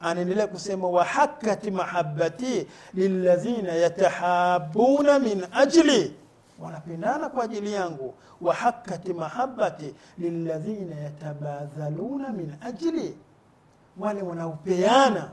Anaendelea kusema wahakati mahabbati liladhina yatahabuna min ajli wanapendana kwa ajili yangu wa hakati mahabati liladhina yatabadhaluna min ajli, wale wanaopeana.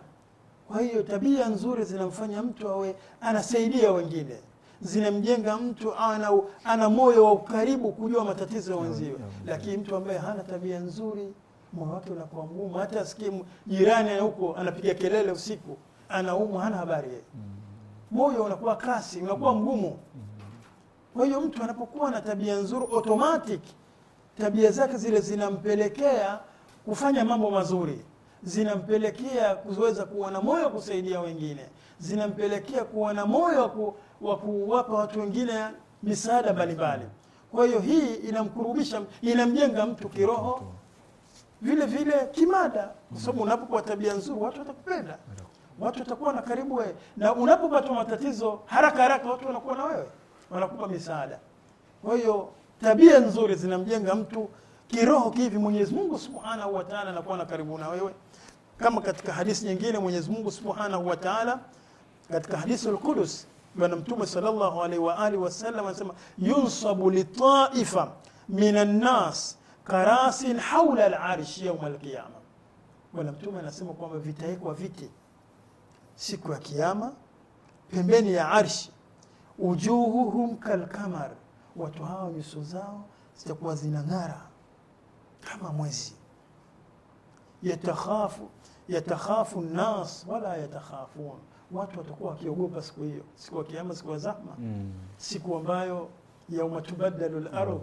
Kwa hiyo tabia nzuri zinamfanya mtu awe anasaidia wengine, zinamjenga mtu ana, ana moyo wa ukaribu, kujua matatizo ya wenziwe. Lakini mtu ambaye hana tabia nzuri, moyo wake unakuwa mgumu, hata asikie jirani huko anapiga kelele usiku, anaumwa, hana habari yeye, mm. moyo unakuwa kasi, unakuwa mm. mgumu. Mm. Kwa hiyo mtu anapokuwa na tabia nzuri, automatic tabia zake zile zinampelekea kufanya mambo mazuri, zinampelekea kuweza kuwa na moyo kusaidia wengine, zinampelekea kuwa na moyo wa kuwapa watu wengine misaada mbalimbali. Kwa hiyo hii inamkurubisha, inamjenga mtu kiroho vile vile kimada, kwa sababu unapokuwa tabia nzuri watu watakupenda, watu watakuwa na karibu wewe, na unapopata matatizo haraka haraka watu wanakuwa na wewe wanakupa misaada kwa hiyo tabia nzuri zinamjenga mtu kiroho kivi mwenyezi mungu subhanahu wataala anakuwa na karibu na wewe kama katika hadithi nyingine mwenyezi mungu subhanahu wataala katika hadithi lqudus bwana mtume sallallahu alaihi waalihi wasallam anasema yunsabu litaifa min annas karasin haula larshi yauma alqiama bwana mtume anasema kwamba vitawekwa viti siku ya kiama pembeni ya arshi ujuhuhum kalkamar, watu hawa nyuso zao zitakuwa zinang'ara kama mwezi. Yatakhafu yatakhafu nnas wala yatakhafun, watu watakuwa wakiogopa siku hiyo, siku ya kiama, siku ya zahma, mm. siku ambayo yauma tubaddalu al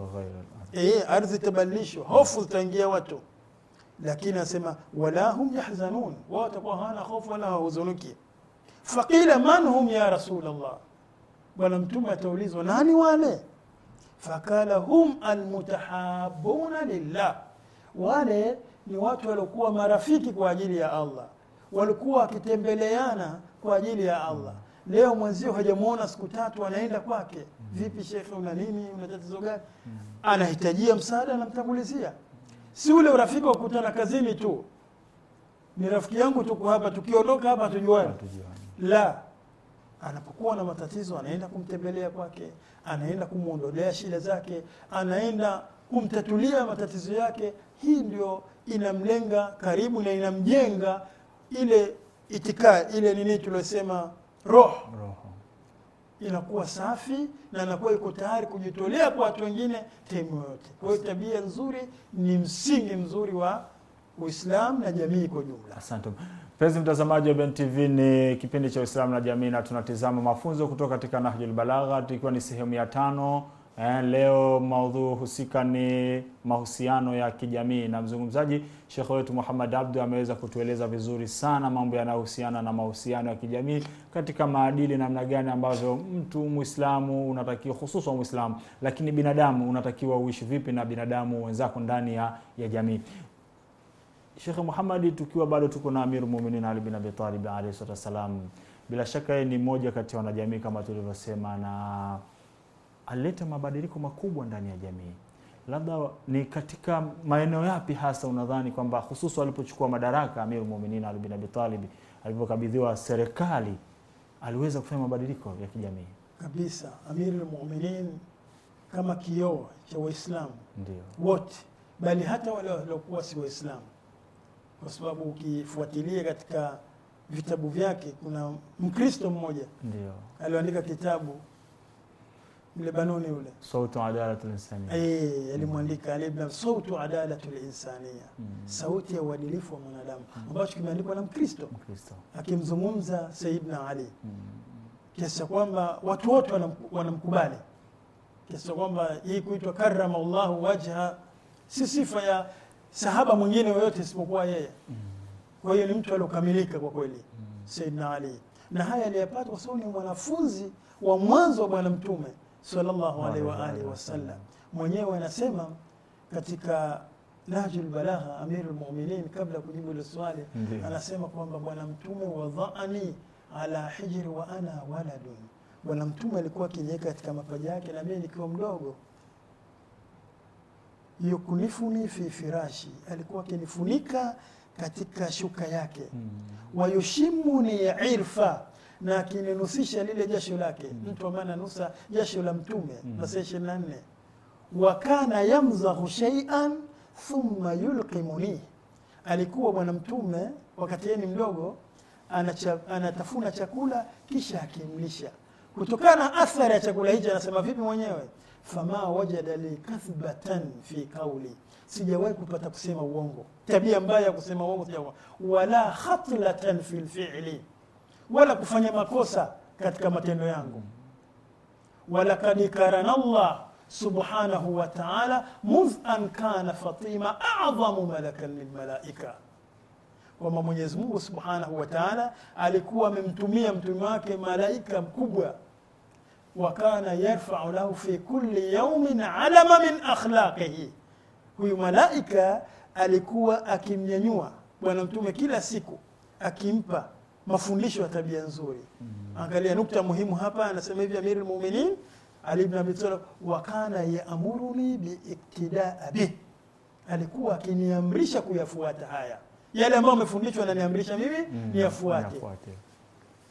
eh, eh, ardhi itabadilishwa hofu zitaingia watu lakini anasema wala hum yahzanun, wao watakuwa hawana hofu wala hawahuzunuki. Faqila man hum ya rasul Allah bwana mtume ataulizwa nani wale fakala hum almutahabuna lillah wale ni watu waliokuwa marafiki kwa ajili ya allah walikuwa wakitembeleana kwa ajili ya allah leo mwenzio hajamwona siku tatu anaenda kwake vipi shekhe una nini una tatizo gani anahitajia msaada anamtangulizia si ule urafiki wa kukutana kazini tu ni rafiki yangu tuko hapa tukiondoka hapa hatujuani la anapokuwa na matatizo anaenda kumtembelea kwake, anaenda kumwondolea shida zake, anaenda kumtatulia matatizo yake. Hii ndio inamlenga karibu na inamjenga ile itika ile nini tuliosema roho inakuwa safi na anakuwa iko tayari kujitolea kwa watu wengine time yoyote. Kwa hiyo tabia nzuri ni msingi mzuri wa Uislamu na jamii kwa jumla. Asante. Mpenzi mtazamaji wa Ben TV, ni kipindi cha Uislamu na jamii na tunatizama mafunzo kutoka katika Nahjul Balagha, ikiwa ni sehemu ya tano. Eh, leo maudhu husika ni mahusiano ya kijamii na mzungumzaji Shekhe wetu Muhammad Abdu ameweza kutueleza vizuri sana mambo yanayohusiana na mahusiano ya kijamii katika maadili, namna gani ambavyo mtu Muislamu unatakiwa hususan Muislamu, lakini binadamu unatakiwa uishi vipi na binadamu wenzako ndani ya, ya jamii. Shekhe Muhammad, tukiwa bado tuko na Amiru Muminin Ali bin Abi Talib alayhi salatu wassalam, bila shaka ni mmoja kati ya wanajamii kama tulivyosema, na alileta mabadiliko makubwa ndani ya jamii. Labda ni katika maeneo yapi hasa unadhani kwamba hususu alipochukua madaraka Amiru Muminin Ali bin Abi Talib, alipokabidhiwa serikali, aliweza kufanya mabadiliko ya kijamii kabisa? Amiru Muminin kama kioo cha Waislamu wote, bali hata wale waliokuwa si Waislamu kwa sababu ukifuatilia katika vitabu vyake kuna Mkristo mmoja ndio alioandika kitabu Lebanoni yule sautu Adalatu Linsania eh, alimwandika Ali ibn sautu Linsania mm. sauti ya uadilifu wa mwanadamu, mm. ambacho kimeandikwa na Mkristo akimzungumza Saidna Ali, mm. kiasi kwamba watu wote wanamkubali, kiasi kwamba hii kuitwa karama Allahu wajha si sifa ya sahaba mwingine yoyote isipokuwa yeye. Kwa hiyo ni mtu aliokamilika kwa kweli Saidna Ali, na haya aliyapata kwa sababu ni mwanafunzi wa mwanzo wa Bwana Mtume sallallahu alaihi wa alihi wasallam. Mwenyewe anasema katika Nahjul Balagha, Amirul Mu'minin, kabla ya kujibu ile swali, anasema kwamba Bwana Mtume wadhaani ala hijri wa ana waladun, Bwana Mtume alikuwa akiniweka katika mapaja yake na mimi nikiwa mdogo yukunifuni fi firashi, alikuwa akinifunika katika shuka yake mm. wayushimuni irfa na akininusisha lile jasho lake mm. mtu ambaye ananusa jasho la mtume hmm. masaa ishirini na nne wa kana yamzahu shay'an thumma yulqimuni, alikuwa bwana mtume wakati yeye ni mdogo anacha, anatafuna chakula kisha akimlisha. Kutokana na athari ya chakula hicho anasema vipi mwenyewe fama wajada li kathbatan fi qawli, sijawahi kupata kusema uongo, tabia mbaya ya kusema uongo sijawahi, wala khatlatan fi lfili wala kufanya makosa katika matendo yangu. Walakad karana Allah subhanahu wa ta'ala mudh an kana Fatima a'dhamu malakan min malaika kwamba Mwenyezi Mungu subhanahu wa ta'ala alikuwa amemtumia mtume wake malaika mkubwa wakana yarfau lahu fi kulli yaumin alama min akhlaqihi huyu malaika alikuwa akimnyanyua bwana mtume kila siku akimpa mafundisho ya tabia nzuri mm. angalia nukta muhimu hapa anasema hivi amiri lmuminin ali ibn abi talib wakana yamuruni biiktidaa bih alikuwa akiniamrisha kuyafuata haya yale ambayo amefundishwa naniamrisha mimi mm, niyafuate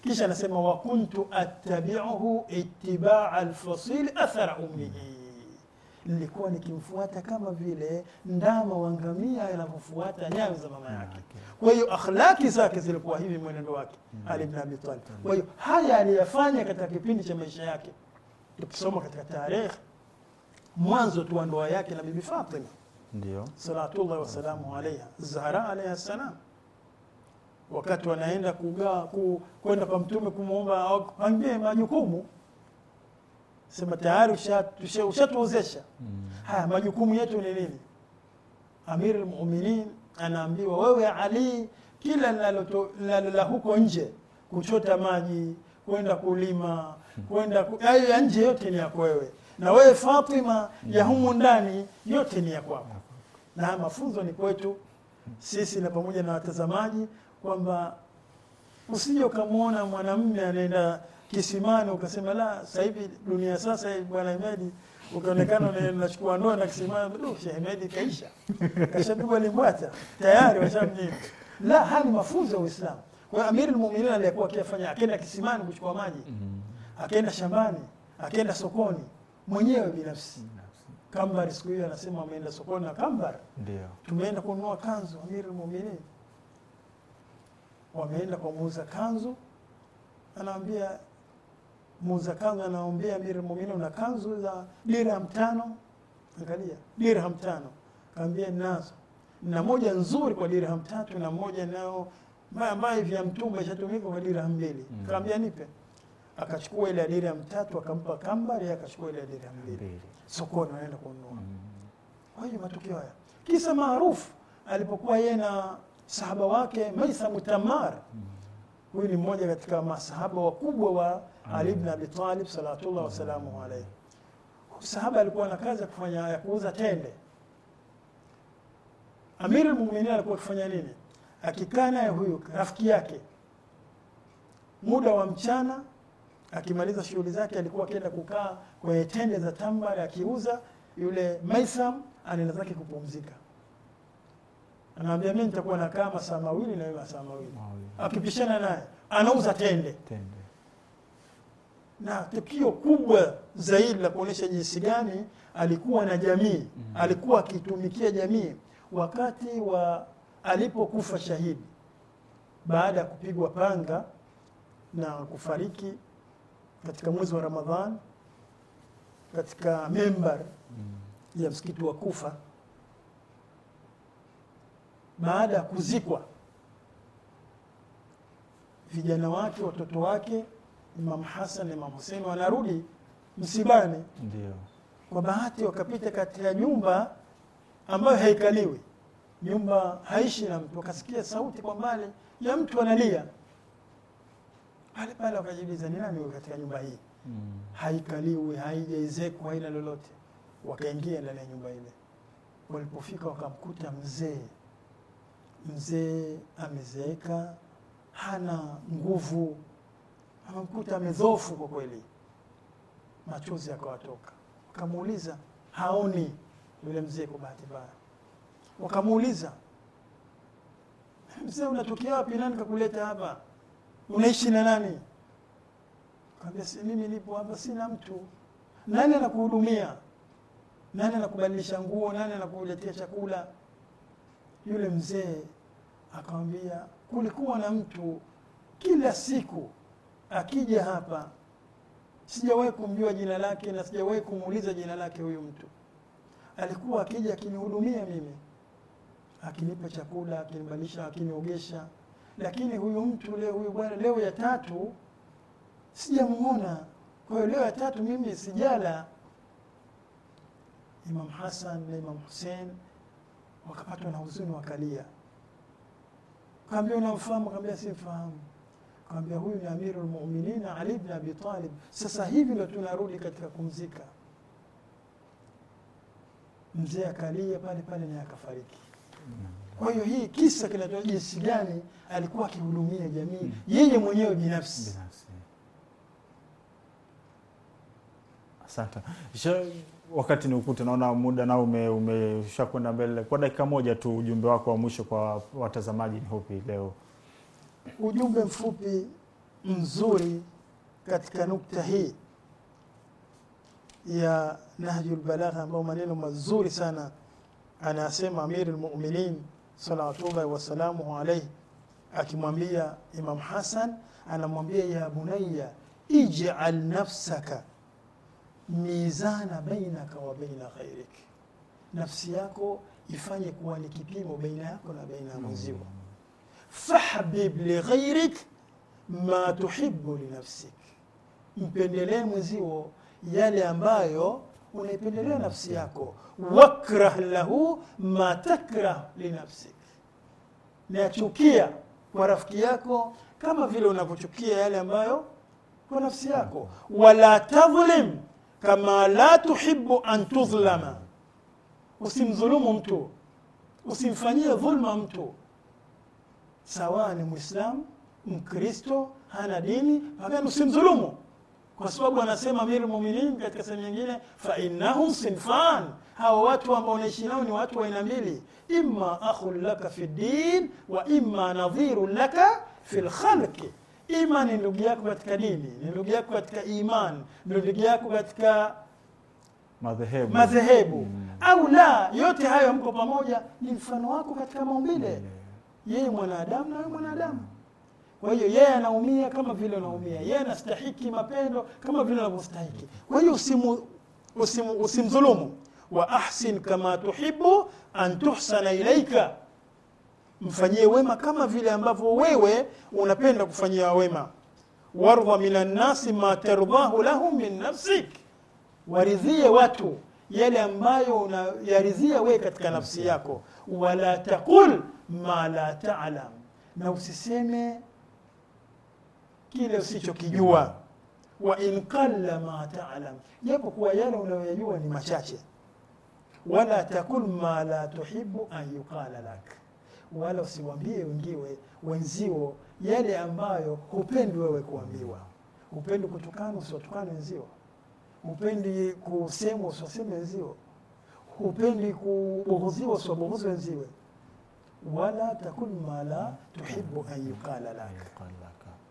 kisha anasema wa kuntu attabi'uhu itibaa alfasil athara ummihi nilikuwa nikimfuata kama vile ndama wangamia anavyofuata nyayo za mama yake ah, kwa hiyo akhlaki zake zilikuwa hivi mwenendo wake hmm. ali ibn abi talib kwa hiyo haya aliyafanya katika kipindi cha maisha yake tukisoma katika tarehe mwanzo tu wa ndoa yake na bibi fatima ndio salatullahi wasalamu alaiha zahra alaiha salam wakati wanaenda kugaa ku, kwenda kwa mtume kumwomba ambie majukumu sema tayari ushatuozesha mm. haya majukumu yetu ni nini amir lmuminin anaambiwa wewe ali kila linalolala huko nje kuchota maji kwenda kulima mm. kwenda ku, ya nje yote ni yako wewe na wewe fatima mm. ya humu ndani yote ni ya kwako na mafunzo ni kwetu sisi na pamoja na watazamaji kwamba usije ukamwona mwanamume anaenda kisimani ukasema la, sahivi dunia sasa eh, bwana Hemedi ukaonekana nachukua ndoa na kisimani, oh, shehemedi kaisha, kashapigwa limbwata tayari, washamjini. La, haya mafunzo ya Uislamu. kwao amiri Amirul aliyekuwa akiafanya akenda kisimani kuchukua maji, mm-hmm. akenda shambani, akenda sokoni mwenyewe binafsi Kambar siku hiyo anasema ameenda sokoni na Kambar, tumeenda kununua kanzu amiri Mu'minin wameenda kwa muuza kanzu, anaambia muuza kanzu, anaombea Amiri Muumini na kanzu za dirham tano. Angalia, dirham tano, kaambia nazo na moja nzuri kwa dirham tatu na moja nayo ambayo vya mtumba ishatumika kwa dirham mbili. mm. Kaambia nipe, akachukua ile dirham tatu akampa kamba ya akachukua ile dirham mbili sokoni, wanaenda kununua. Mm. Kwa hiyo matukio haya, kisa maarufu alipokuwa yeye na sahaba wake Maisa Tamar, Huyu ni mmoja katika masahaba wakubwa wa Ali ibn Abi Talib sallallahu wasalamu alayhi. Sahaba alikuwa na kazi ya kufanya ya kuuza tende. Amirul Mu'minin alikuwa akifanya nini? Akikaa naye huyu rafiki yake muda wa mchana, akimaliza shughuli zake, alikuwa akienda kukaa kwenye tende za Tambara akiuza. Yule Maisam anaenda zake kupumzika. Anaambia mimi nitakuwa na kaa masaa mawili na wewe masaa mawili. Akipishana naye anauza tende. Tende. Na tukio kubwa zaidi la kuonesha jinsi gani alikuwa na jamii, mm. alikuwa akitumikia jamii wakati wa alipokufa shahidi baada ya kupigwa panga na kufariki katika mwezi wa Ramadhan katika membar mm. ya msikiti wa Kufa baada ya kuzikwa vijana wake watoto wake Imam Hassan Imam Hussein wanarudi msibani. Ndio. Kwa bahati wakapita katika nyumba ambayo haikaliwi, nyumba haishi na mtu, wakasikia sauti kwa mbali ya mtu analia. Pale pale wakajiuliza ni nani katika nyumba hii? Mm. Haikaliwi, haijaezekwa, haina lolote. Wakaingia ndani ya nyumba ile, walipofika wakamkuta mzee mzee amezeeka, hana nguvu, amemkuta amedhofu kwa kweli. Machozi akawatoka wakamuuliza haoni yule mzee kwa bahati mbaya. Wakamuuliza mzee, unatokea wapi? Nani kakuleta hapa? Unaishi na nani? Kaambia si mimi nipo hapa, sina mtu. Nani anakuhudumia? Nani anakubadilisha nguo? Nani anakuletea chakula? Yule mzee akamwambia, kulikuwa na mtu kila siku akija hapa, sijawahi kumjua jina lake na sijawahi kumuuliza jina lake. Huyu mtu alikuwa akija akinihudumia mimi, akinipa chakula, akinibalisha, akiniogesha, lakini huyu mtu leo, huyu bwana leo ya tatu sijamuona. Kwa hiyo leo ya tatu mimi sijala. Imam hasan na Imam husein wakapatwa na huzuni, wakalia. Kaambia, unamfahamu? Kaambia, simfahamu. Kaambia, huyu ni Amirul Mu'minin Ali ibn Abi Talib, sasa hivi ndo tunarudi katika kumzika. Mzee akalia pale pale naye akafariki. Kwa hiyo hii kisa kinatoa jinsi gani alikuwa akihudumia jamii yeye mwenyewe binafsi. Asante wakati ni ukute, naona muda nao umesha ume kwenda mbele. Kwa dakika moja tu, ujumbe wako wa mwisho kwa watazamaji ni upi leo? Ujumbe mfupi mzuri katika nukta hii ya Nahjul Balagha, ambayo maneno mazuri sana anasema Amirul Mu'minin salawatullahi wasalamu alayhi, akimwambia Imam Hasan, anamwambia ya bunayya ij'al nafsaka mizana bainaka wa baina ghairik, nafsi yako ifanye kuwa ni kipimo baina yako na baina ya mwenziwa. Fahbib lighairik ma tuhibu linafsik, mpendelee mwenziwo yale ambayo unaipendelea nafsi yako. Wakrah lahu ma takrah linafsik, nachukia kwa rafiki yako kama vile unavyochukia yale ambayo kwa nafsi yako. Wala tadhlim kama la tuhibu an tudhlama, usimdhulumu mtu, usimfanyie dhulma mtu, sawa ni Muislamu, Mkristo, hana dini, pakani usimdhulumu kwa sababu anasema Amiri Muminin katika sehemu nyingine, fa innahum sinfan, hawa watu ambao unaishi nao ni watu wa aina mbili, imma akhun laka fi ddin wa imma nadhiru laka fi lkhalqi iman ni ndugu yako katika dini, ni ndugu yako katika iman ni ndugu yako katika madhehebu, madhehebu. Mm. au la, yote hayo mko pamoja, ni mfano wako katika maumbile. Yeye mwanadamu na wewe mwanadamu. Kwa hiyo yeye anaumia kama vile unaumia, yeye anastahiki mapendo kama vile unavyostahiki. Kwa hiyo usimu, usimu, usimdhulumu. wa ahsin kama tuhibu an tuhsana ilaika mfanyie wema kama vile ambavyo wewe unapenda kufanyia wema wardha min annasi ma tardahu lahum min nafsik, waridhie watu yale ambayo unayaridhia wewe katika nafsi yako. Wala taqul ma la ta'lam, na usiseme kile usichokijua. Wa in qalla ma ta'lam, japo kuwa yale unayoyajua ni machache. Wala taqul ma la tuhibu an yuqala lak wala usiwambie wengiwe wenzio yale ambayo hupendi wewe kuambiwa. Hupendi kutukana, usiwatukane wenzio. Hupendi kusemwa, usiwaseme wenzio. Hupendi kubughudhiwa, usiwabughudhi wenziwe. wala takun mala tuhibu an yuqala lak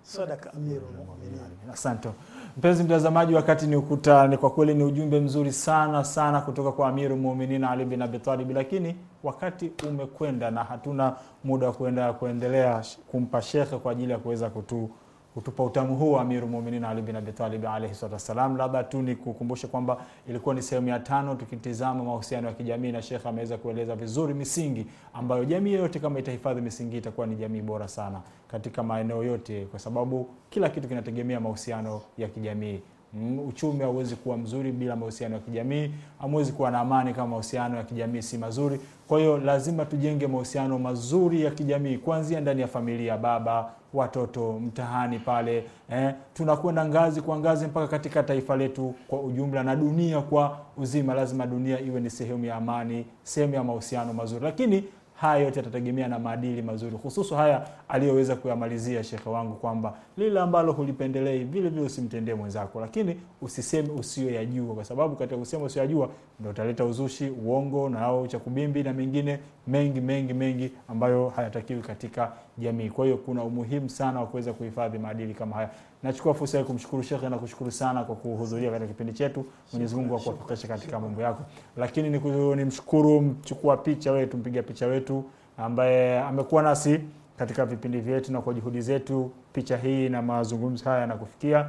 Sadaka amirul mu'minin. Asante mpenzi mtazamaji, wakati ni ukutani. Kwa kweli ni ujumbe mzuri sana sana kutoka kwa Amiru muminin Ali bin Abi Talib, lakini wakati umekwenda na hatuna muda wa kuenda kuendelea kumpa shekhe kwa ajili ya kuweza kutu kutupa utamu huu wa Amirul Mu'minin Ali bin Abi Talib alayhi salatu wassalam. Labda tu ni kukumbushe kwamba ilikuwa ni sehemu ya tano tukitizama mahusiano ya kijamii, na Sheikh ameweza kueleza vizuri misingi ambayo jamii yoyote kama itahifadhi misingi itakuwa ni jamii bora sana katika maeneo yote, kwa sababu kila kitu kinategemea mahusiano ya kijamii. Mm, uchumi hauwezi kuwa mzuri bila mahusiano ya kijamii, hamwezi kuwa na amani kama mahusiano ya kijamii si mazuri. Kwa hiyo lazima tujenge mahusiano mazuri ya kijamii kuanzia ndani ya familia, baba watoto mtaani pale eh, tunakwenda ngazi kwa ngazi mpaka katika taifa letu kwa ujumla na dunia kwa uzima. Lazima dunia iwe ni sehemu ya amani, sehemu ya mahusiano mazuri, lakini haya yote yatategemea na maadili mazuri, hususu haya aliyoweza kuyamalizia shekhe wangu kwamba lile ambalo hulipendelei vile vile usimtendee mwenzako, lakini usiseme usiyoyajua, kwa sababu katika kusema usiyoyajua ndio utaleta uzushi, uongo na au cha kubimbi na mengine mengi mengi mengi ambayo hayatakiwi katika jamii. Kwa hiyo kuna umuhimu sana wa kuweza kuhifadhi maadili kama haya. Nachukua fursa hii kumshukuru shekhe na kushukuru sana kwa kuhudhuria katika kipindi chetu. Mwenyezi Mungu akuwapokeshe katika mambo yako, lakini nimshukuru mchukua picha wetu, mpiga picha wetu ambaye amekuwa nasi katika vipindi vyetu na kwa juhudi zetu picha hii na mazungumzo haya yanakufikia.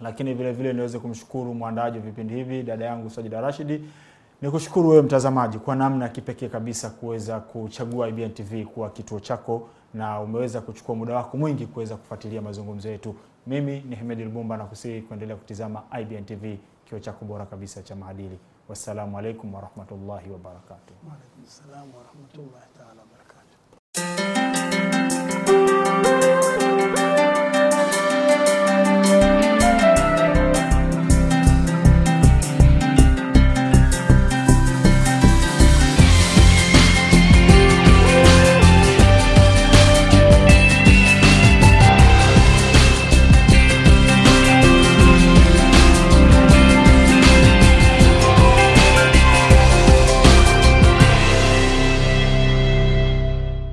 Lakini vile vile niweze kumshukuru mwandaaji wa vipindi hivi dada yangu Sajida Rashidi. Nikushukuru wewe mtazamaji kwa namna ya kipekee kabisa kuweza kuchagua IBN TV kuwa kituo chako na umeweza kuchukua muda wako mwingi kuweza kufuatilia mazungumzo yetu. Mimi ni Hemedi Lubumba na kusihi kuendelea kutizama IBN TV, kio chako bora kabisa cha maadili. Wassalamu alaikum warahmatullahi wabarakatuh. warahmatullahi